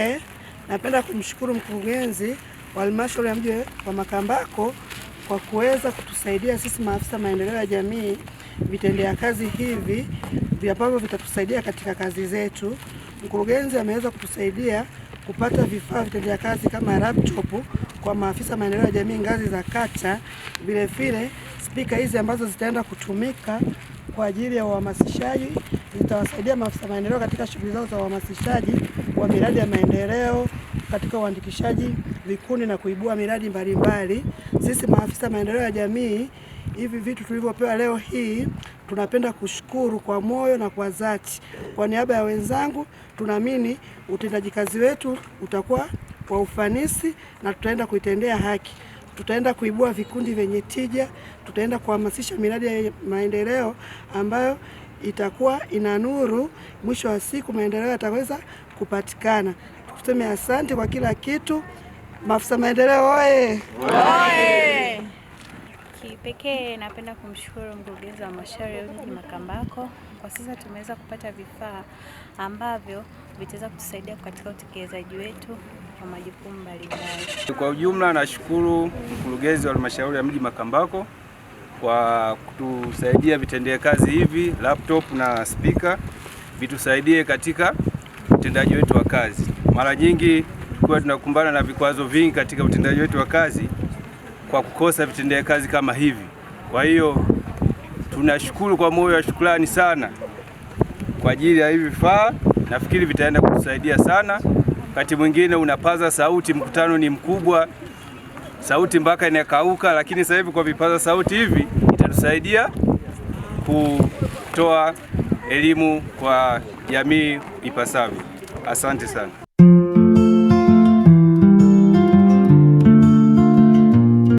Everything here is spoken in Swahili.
Mzee, napenda kumshukuru mkurugenzi wa halmashauri ya mji wa Makambako kwa kuweza kutusaidia sisi maafisa maendeleo ya jamii vitendea kazi hivi ambavyo vitatusaidia katika kazi zetu. Mkurugenzi ameweza kutusaidia kupata vifaa vitendea kazi kama laptop kwa maafisa maendeleo ya jamii ngazi za kata, vile vile spika hizi ambazo zitaenda kutumika kwa ajili ya uhamasishaji zitawasaidia maafisa maendeleo katika shughuli zao za uhamasishaji wa miradi ya maendeleo katika uandikishaji vikundi na kuibua miradi mbalimbali. Sisi maafisa maendeleo ya jamii, hivi vitu tulivyopewa leo hii, tunapenda kushukuru kwa moyo na kwa dhati. Kwa niaba ya wenzangu, tunaamini utendaji kazi wetu utakuwa kwa ufanisi na tutaenda kuitendea haki, tutaenda kuibua vikundi vyenye tija, tutaenda kuhamasisha miradi ya maendeleo ambayo itakuwa ina nuru. Mwisho wa siku maendeleo yataweza kupatikana. Tuseme asante kwa kila kitu. Maafisa maendeleo oye! Kipekee napenda kumshukuru mkurugenzi wa halmashauri ya mji Makambako. Kwa sasa tumeweza kupata vifaa ambavyo vitaweza kutusaidia katika utekelezaji wetu wa majukumu mbalimbali. Kwa ujumla, nashukuru mkurugenzi wa halmashauri ya mji Makambako kwa kutusaidia vitendea kazi hivi, laptop na spika vitusaidie katika utendaji wetu wa kazi. Mara nyingi tulikuwa tunakumbana na vikwazo vingi katika utendaji wetu wa kazi kwa kukosa vitendea kazi kama hivi. Kwa hiyo tunashukuru kwa moyo wa shukrani sana kwa ajili ya hivi vifaa, nafikiri vitaenda kutusaidia sana. Wakati mwingine unapaza sauti, mkutano ni mkubwa, sauti mpaka inakauka, lakini sasa hivi kwa vipaza sauti hivi itatusaidia kutoa elimu kwa jamii ipasavyo. Asante sana.